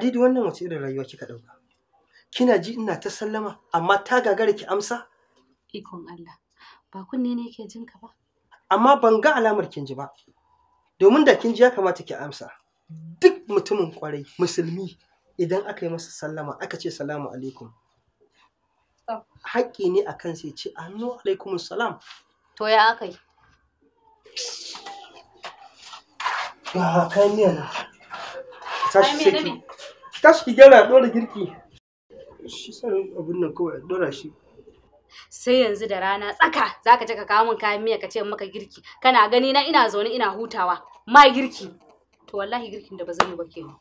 Ladidi wannan wace irin rayuwa kika ɗauka? Kina ji ina ta sallama amma ta gagara ki amsa? Ikon Allah, ba kunne ne ke jinka ba. Amma ban ga alamar kin ji ba. Domin da kin ji ya kamata ki amsa. Duk mutumin kwarai musulmi idan aka yi masa sallama aka ce salamu alaikum. Haƙƙi ne a kan sai ce annu alaikum salam. To ya aka yi? Ga kan yana. Tashi sai tashi ki gyara dora girki sai yanzu da rana tsaka zaka je ka kawo min kayan miya ka ce maka girki kana gani na ina zaune ina hutawa ma girki to wallahi girkin da ba zan yi ba kenan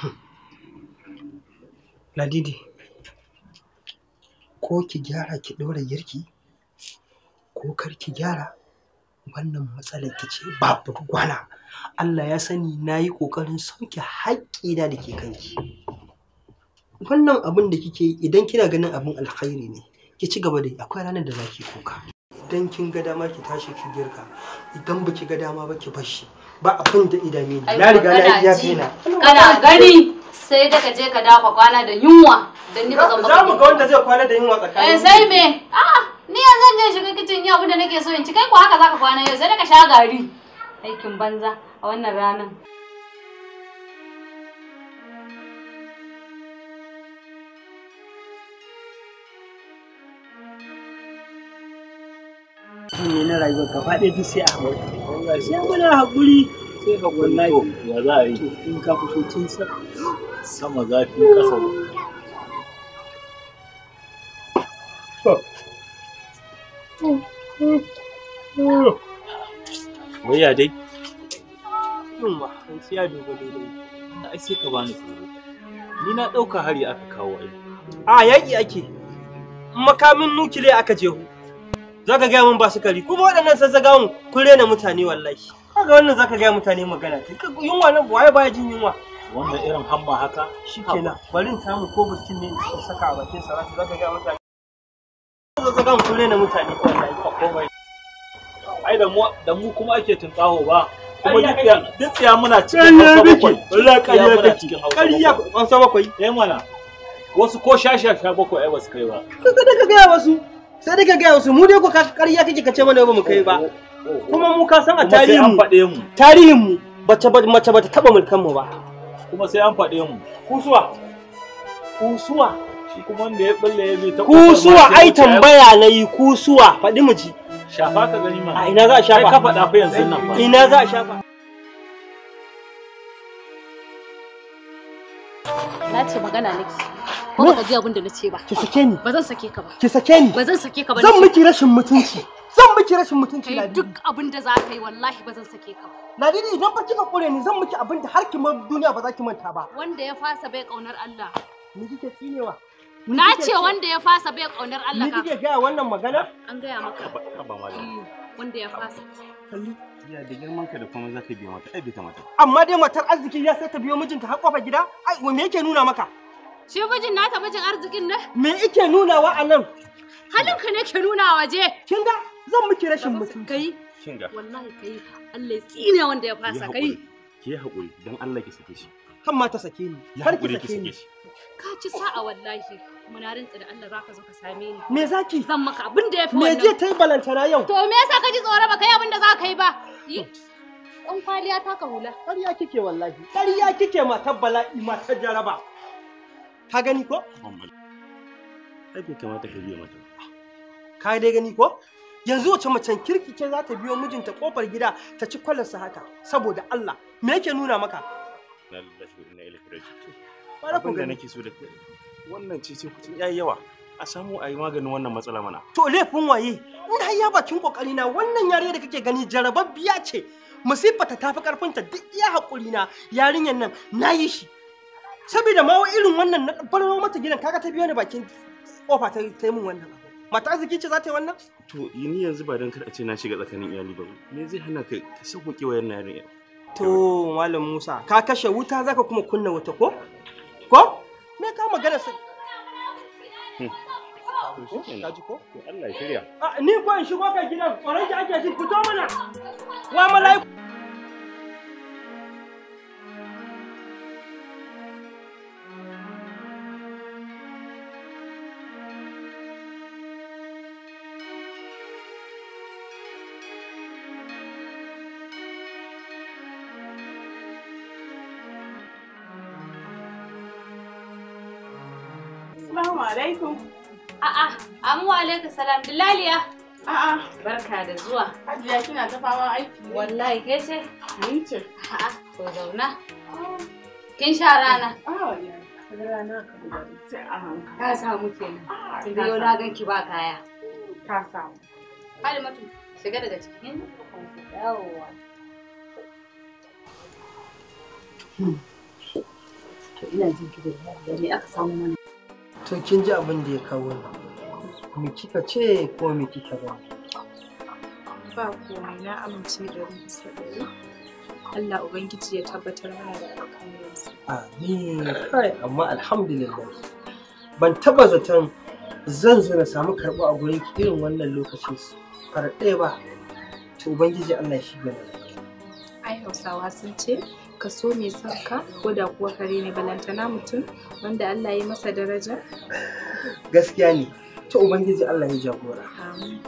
hmm. Ladidi, ko ki gyara ki ɗora girki, ko kar ki gyara wannan matsalar kice ce ba gwana Allah ya sani na yi ƙoƙarin sauke haƙƙina da ke kanki. Wannan abin da kike yi idan kina ganin abin alkhairi ne, ki ci gaba da yi akwai ranar da za ki kuka. Idan kin ga dama ki tashi ki girka, idan ba ki ga dama ba ki bashi. Ba abin da idame ne. na riga na iya fina. Kana gani sai da ka je ka dafa kwana da yunwa. Dan ni ba Za mu ga wanda zai kwana da yunwa tsakanin. Eh sai me? A'a, ah, ni yanzu zan je shiga kicin yau abin da nake so in ci kai ko haka zaka kwana yau sai da ka sha gari. aikin banza a wannan ranar ne na rayuwar ka faɗe duk sai a haƙuri sai muna haƙuri sai gwanna yi ya za a yi in ka fito tun sama zafi ƙasa Waya dai? Yunwa, an ci ya duba dai. Na ai sai ka bani tsoro. Ni na ɗauka hari aka kawo ai. A yaƙi ake. Makamin nukiliya aka jeho. Za ka gaya min ba kari, Kuma waɗannan sassagawan kun rena mutane wallahi. Kaga wannan za ka gaya mutane magana. Yunwa nan waye baya jin yunwa. Wannan irin hamba haka. Shi kenan. Bari in samu ko biskin ne in saka a bakin sarrafa za ka gaya mutane. Sassagawan ku rena mutane wallahi. ai da mu kuma ake tunkaho ba kuma duk muna cikin hausa bakwai wallahi ƙarya kake ƙarya hausa bakwai eh mana wasu ko sha sha sha bakwai ai basu kai ba kaga daga ga wasu sai daga ga wasu mu dai ko ƙarya kake kace mana ba mu kai ba oh, oh, oh. kuma mu ka san a tarihin mu tarihin mu bace mace taba mulkan mu ba kuma sai an faɗe mu kusuwa kusuwa shi kuma wanda ya bulle ya bi ta kusuwa ai tambaya nayi kusuwa faɗi mu ji shafa ka gani ma a ina za a shafa kai ka faɗa fa yanzu nan fa ina za a shafa na ce magana nake ko ba ka ji abin da na ce ba ki sake ni ba zan sake ka ba ki sake ni ba zan sake ka ba zan miki rashin mutunci zan miki rashin mutunci na duk abin da za ka yi wallahi ba zan sake ka ba Ladidi idan fa kika kure ni zan miki abin da har ki duniya ba za ki manta ba wanda ya fasa bai kaunar Allah ni kike tsinewa Na ce wanda ya fasa bai ƙaunar Allah ka. Ni kike gaya wannan magana? An gaya maka. Haba malam. Eh, wanda ya fasa. Kalli. Ya da girman ka da kuma za ka biya mata, ai bita mata. Amma dai matar arziki ya sai ta biyo mijinta har kofar gida? Ai me yake nuna maka? Shi mijin nata mijin arzikin ne? Me yake wa a nan? ka ne ke nuna waje. Kin ga zan miki rashin mutunci. Kai. Kin ga. Wallahi kai Allah ya tsine wanda ya fasa kai. Ki haƙuri, dan Allah ki sake shi. kan ma ta sake ni har ki sake ni ka ci sa'a wallahi muna rantsa da Allah zaka zo ka same ni me zaki zan maka abin da fi wannan me je tai balantana yau to me yasa ka ji tsoro ba kai abin da zaka yi ba dan kwaliya ta ka hula ƙarya kike wallahi ƙarya kike matar bala'i matar jaraba ka gani ko ai bai kamata ka biya mata ka dai gani ko yanzu wace macen kirki ce za ta biyo mijinta kofar gida ta ci kwalarsa haka saboda Allah me yake nuna maka inna lillahi wa inna ilaihi abin da nake so da kai wannan ce ce kucin yayi yawa a samu a yi maganin wannan matsala mana to laifin waye ina ya bakin kokari na wannan yarinya da kake gani jarababbiya ce musifa ta tafi karfinta duk iya hakuri na yarinyan nan nayi shi saboda ma irin wannan na barwa mata gidan kaga ta biyo ni bakin kofa ta yi min wannan mata arziki ce za ta yi wannan to ni yanzu ba dan kar a ce na shiga tsakanin iyali ba me zai hana ka sauƙoƙe wa wannan yarinya To, Malam Musa, ka kashe wuta zaka kuma kunna wuta ko? Ko? Me ka magana sai? Hmm. Ah, ni ko in shigo ka gidan, ƙwaron ki ake jin fito mana. Wa mala'iku. alaikum. A'a, amu alaikum salam. Dillaliya. A'a. Barka da zuwa. Hajiya kina ta fama aiki. Wallahi ke ce? Ni A'a, ko zauna. Kin sha rana? A ka a Ka na ganki ba kaya. Ka samu. Hmm. ina jin kiɗa da ni aka samu mana. to kin ji abin da ya kawo ni me kika ce ko me kika ba ba komai na amince da bisa ɗari Allah Ubangiji ya tabbatar mana da alƙawarinsa. Amin. Kai amma alhamdulillah. Ban taba zaton zan zo na samu karɓa a gurin irin wannan lokacin fara ɗaya ba. To Ubangiji Allah shi gani. Ai Hausawa sun ce ka so mai son ko da kuwa kare ne balantana mutum wanda Allah ya masa daraja gaskiya ne ta ubangiji Allah ya jagora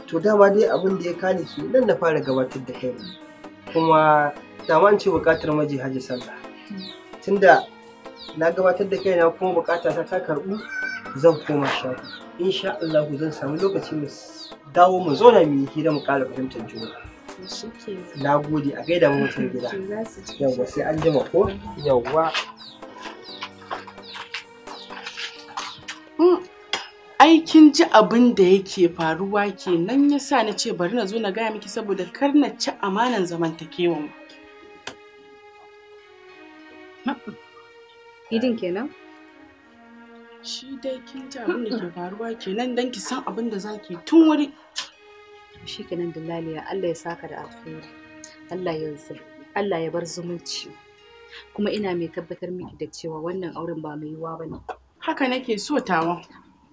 to dama dai abin da ya kani ki nan na fara gabatar da kai kuma dama an ce bukatar maji haji sallah tunda na gabatar da kaina kuma bukata ta ta karbu zan koma shafi insha Allah zan samu lokaci mu dawo mu zauna mu yi hira mu kara fahimtar juna na gode a gaida mutum gida yawwa sai an jima ko yawwa hmm. aikin ji abin da yake faruwa kenan ya sa na ce bari na zo na gaya miki saboda kar na ci amanan zamantakewan hmm. idin kenan shi dai kin ji abin da ke faruwa nan, don ki san abin da zaki tun wuri shi kenan dillaliya Allah ya saka da alkhairi Allah ya Allah ya bar zumunci kuma ina mai tabbatar miki da cewa wannan auren ba mai yiwuwa bane haka nake so tawa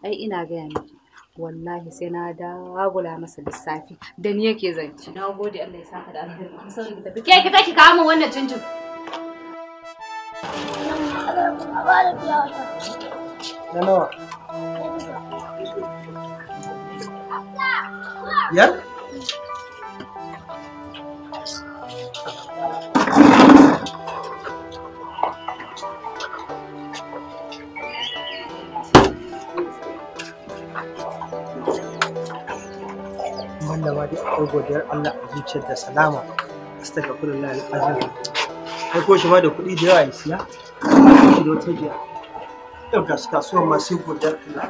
ai ina gaya miki wallahi sai na dagula masa lissafi da ni yake zance na gode Allah ya saka da alkhairi mun ki tafi ke ki take kawo min wannan jinjin na nawa biyar sallama da akwai godiyar Allah a zuciyar da salama astagfirullah alazim aiko shi ma da kuɗi da yawa ya siya shi da wata jiya yau ga kasuwar ma sai godiyar Allah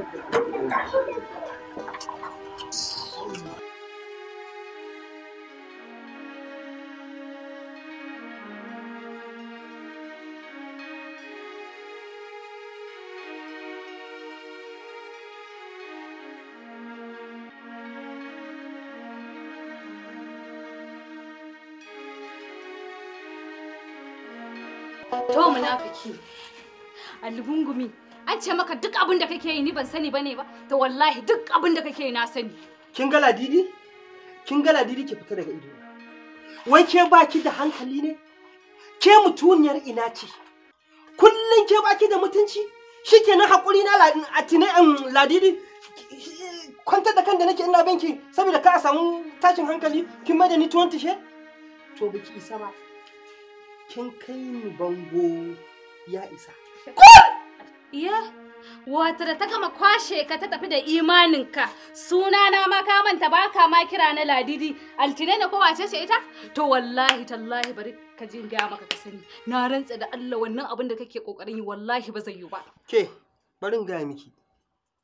To munafiki. Albungumi, an ce maka duk abin da kake yi ni ban sani bane ba, to wallahi duk abin da kake yi na sani. Kin ga ladidi? Kin ga ladidi ke fita daga ido. Wai ke baki da hankali ne? Ke mutuniyar ina ce? Kullum ke baki da mutunci? Shikenan hakuri na a an ladidi kwantar da kan da nake ina banki saboda ka samu tashin hankali kin mai da ni tuwon tishe? To biki isa ba. kin kai ni bango ya isa iya wata da ta gama kwashe ka ta tafi da imaninka suna na ma ka manta ba ka ma kira na ladidi altine ne ko wace ce ita to wallahi tallahi bari ka jin gaya maka ka sani na rantsa da Allah wannan abin da kake kokarin yi wallahi ba zai yi ba ke bari in gaya miki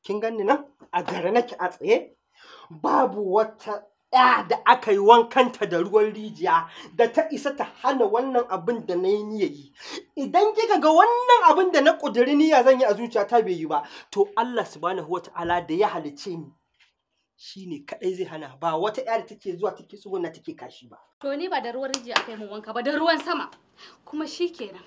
kin ganni nan a gare nake a tsaye babu wata ya da aka yi wankanta da ruwan rijiya da ta isa ta hana wannan abin da na yi yi idan kika ga wannan abin da na ƙudiri niyya zan yi a zuciyata bai yi ba to Allah subhanahu wa Ta'ala da ya halice ni shi ne kaɗai zai hana ba wata ƴa da take zuwa take tsuguna take kashi ba to ni ba da ruwan rijiya aka yi mun wanka ba da ruwan sama kuma shikenan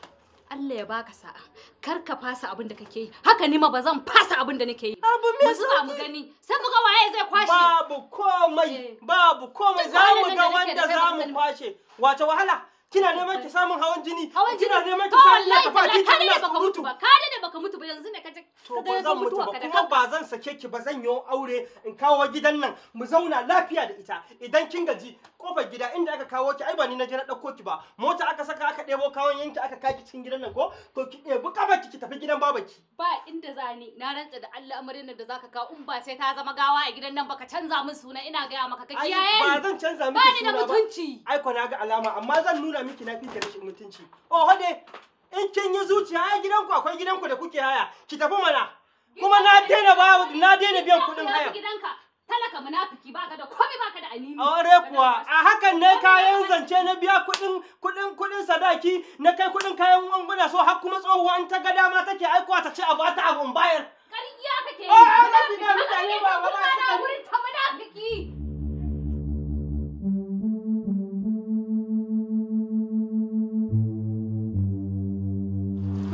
Allah ya baka sa'a kar ka fasa abin da kake yi haka ni ma ba zan fasa abin da nake yi abu me mu zuba mu gani sai mu ga waye zai kwashe babu komai eh. babu komai za mu ga wanda za mu kwashe wato wahala kina neman ki samun hawan jini hawan jini kina neman ki samun na tafa ki kina da baka mutu ba kada da baka mutu ba yanzu ne ka je ka ba zan mutu ba kuma ba zan sake ki ba zan yi aure in kawo gidan nan mu zauna lafiya da ita idan kin gaji kofar gida inda aka kawo ki ai ba ni na je na dauko ki ba mota aka saka aka debo kawon yanki aka kaki cikin gidan nan ko to ki ɗebi kafarki ki tafi gidan babaki ba inda zani na rantsa da Allah amarin nan da zaka kawo in ba sai ta zama gawa a gidan nan baka canza min suna ina ga maka ka kiyaye ba zan canza miki suna ba ni da mutunci ai ko na ga alama amma zan nuna miki na fita rashin mutunci oho dai in kin yi zuciya a gidanku akwai gidanku da kuke haya ki tafi mana kuma na daina ba na daina biyan kuɗin haya a hakan ne kayan zance na biya kuɗin kuɗin sadaki na kai kuɗin kayan muna so har kuma tsohuwa in ta ga dama take aikowa ta ce abu ta abun bayar ƙarya kake yi munafiki ba ba ba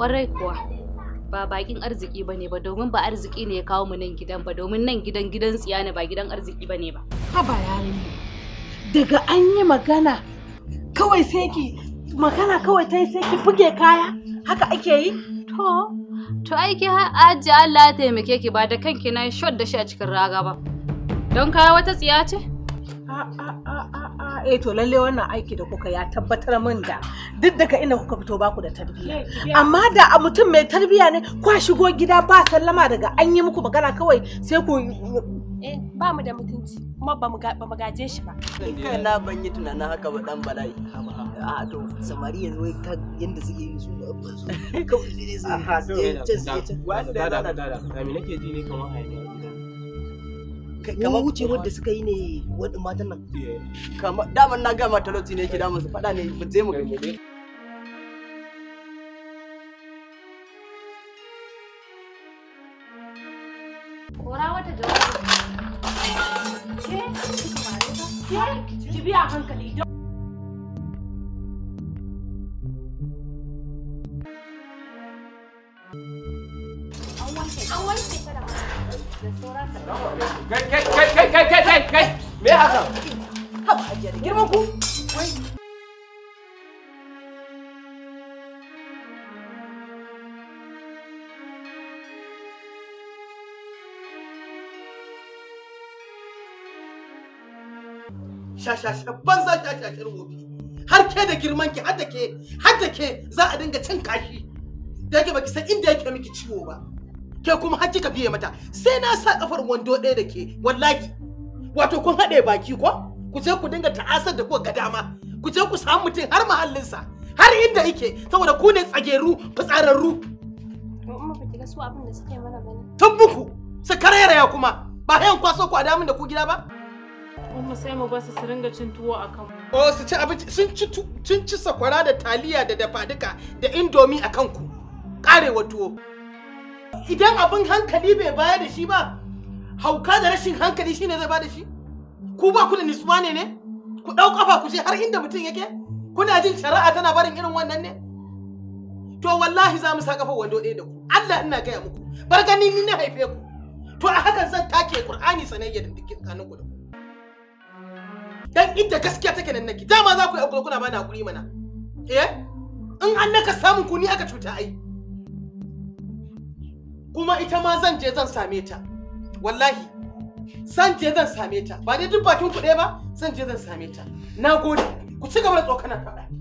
Ƙwarai kuwa ba bakin arziki bane ba domin ba arziki ne ya kawo mu nan gidan ba domin nan gidan gidan tsiya ne ba gidan arziki bane ba. Haba yarinya daga an yi magana kawai sai ki magana kawai ta sai ki buge kaya haka ake yi? To, to aiki aji Allah ya taimake ki ba da kanki na shot da shi a cikin raga ba. Don kaya wata tsiya ce? a a'a eh to lalle wannan aiki da kuka ya tabbatar min da duk daga ina kuka fito ba ku da tarbiyya amma da a mutum mai tarbiyya ne kwa shigo gida ba sallama daga an yi muku magana kawai sai ku eh ba mu da mutunci kuma ba mu gaje shi ba kai na ban yi tunanin haka ba dan bala'i a to samari yanzu ka yanda suke yi su kawai ne sai a ha wanda da da da nake ji ne kamar wucewar da suka yi ne wadin matan nan kamar na gama talauci ne yake damun su faɗa ne mu je mu gani kora wata jawabi ce Kai kai kai kai shashasha banza shashashar wofi har ke da girman har da ke har da ke za a dinga cin kashi da yake baki san inda yake miki ciwo ba ke kuma har kika biye mata sai na sa kafar wando ɗaya da ke wallahi wato kun haɗe baki ko ku je ku dinga ta'asar da ku ga dama ku je ku samu mutum har mahallinsa har inda yake saboda ku ne tsageru fitsararru tun muku su karairaya kuma ba hayan kwaso ku a damun da ku gida ba Umma sai mu basu su ringa cin tuwo a kan Oh su ci abinci sun ci sun ci sakwara da taliya da dafaduka da indomi a kanku karewa tuwo idan abin hankali bai baya da shi ba hauka da rashin hankali shine zai bada shi ku ba ku da nisuwa ne ne ku ɗau ƙafa ku je har inda mutum yake kuna jin shari'a tana barin irin wannan ne to wallahi za mu sa ƙafa wando ɗaya da ku Allah ina gaya muku bar gani ni na haife ku to a hakan zan take Qur'ani sanayya da dukkan kanin ku dan inda gaskiya take nan nake dama za ku yi hakuri kuna bani hakuri mana eh in an naka samun ku ni aka cuta ai kuma ita ma zan je zan same ta wallahi zan je zan same ta ba dai duk bakin ku ɗaya ba zan je zan same ta na gode ku ci gaba da tsokana faɗa